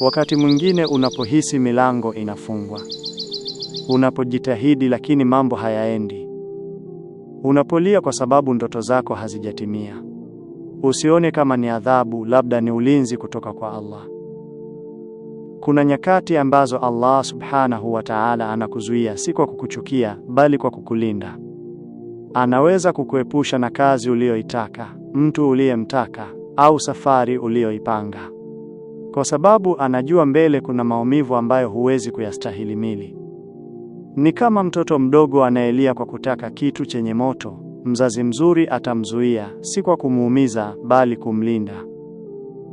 Wakati mwingine unapohisi milango inafungwa, unapojitahidi lakini mambo hayaendi, unapolia kwa sababu ndoto zako hazijatimia, usione kama ni adhabu, labda ni ulinzi kutoka kwa Allah. Kuna nyakati ambazo Allah subhanahu wa ta'ala anakuzuia, si kwa kukuchukia, bali kwa kukulinda. Anaweza kukuepusha na kazi uliyoitaka, mtu uliyemtaka, au safari uliyoipanga kwa sababu anajua mbele kuna maumivu ambayo huwezi kuyastahimili. Ni kama mtoto mdogo anayelia kwa kutaka kitu chenye moto. Mzazi mzuri atamzuia, si kwa kumuumiza, bali kumlinda.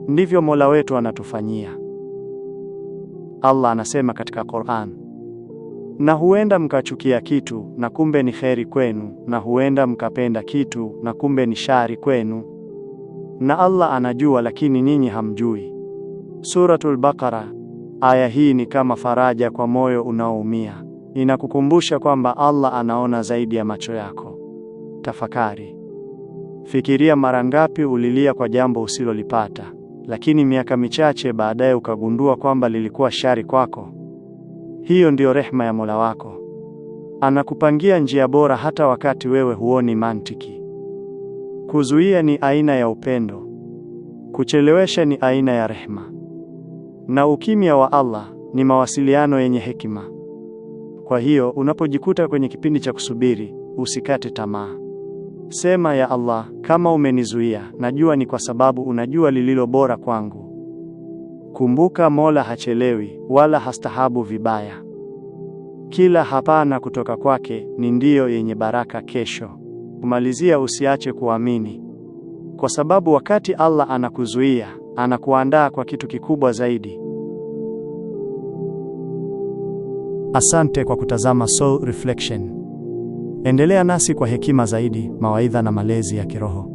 Ndivyo Mola wetu anatufanyia. Allah anasema katika Qur'an, na huenda mkachukia kitu na kumbe ni kheri kwenu, na huenda mkapenda kitu na kumbe ni shari kwenu, na Allah anajua, lakini ninyi hamjui. Suratul Baqara. Aya hii ni kama faraja kwa moyo unaoumia. Inakukumbusha kwamba Allah anaona zaidi ya macho yako. Tafakari. Fikiria mara ngapi ulilia kwa jambo usilolipata, lakini miaka michache baadaye ukagundua kwamba lilikuwa shari kwako. Hiyo ndiyo rehma ya Mola wako. Anakupangia njia bora hata wakati wewe huoni mantiki. Kuzuia ni aina ya upendo. Kuchelewesha ni aina ya rehma na ukimya wa Allah ni mawasiliano yenye hekima. Kwa hiyo unapojikuta kwenye kipindi cha kusubiri, usikate tamaa. Sema, ya Allah, kama umenizuia, najua ni kwa sababu unajua lililo bora kwangu. Kumbuka, Mola hachelewi wala hastahabu vibaya. Kila hapana kutoka kwake ni ndiyo yenye baraka kesho. Kumalizia, usiache kuamini, kwa sababu wakati Allah anakuzuia anakuandaa kwa kitu kikubwa zaidi. Asante kwa kutazama Soul Reflection. Endelea nasi kwa hekima zaidi, mawaidha na malezi ya kiroho.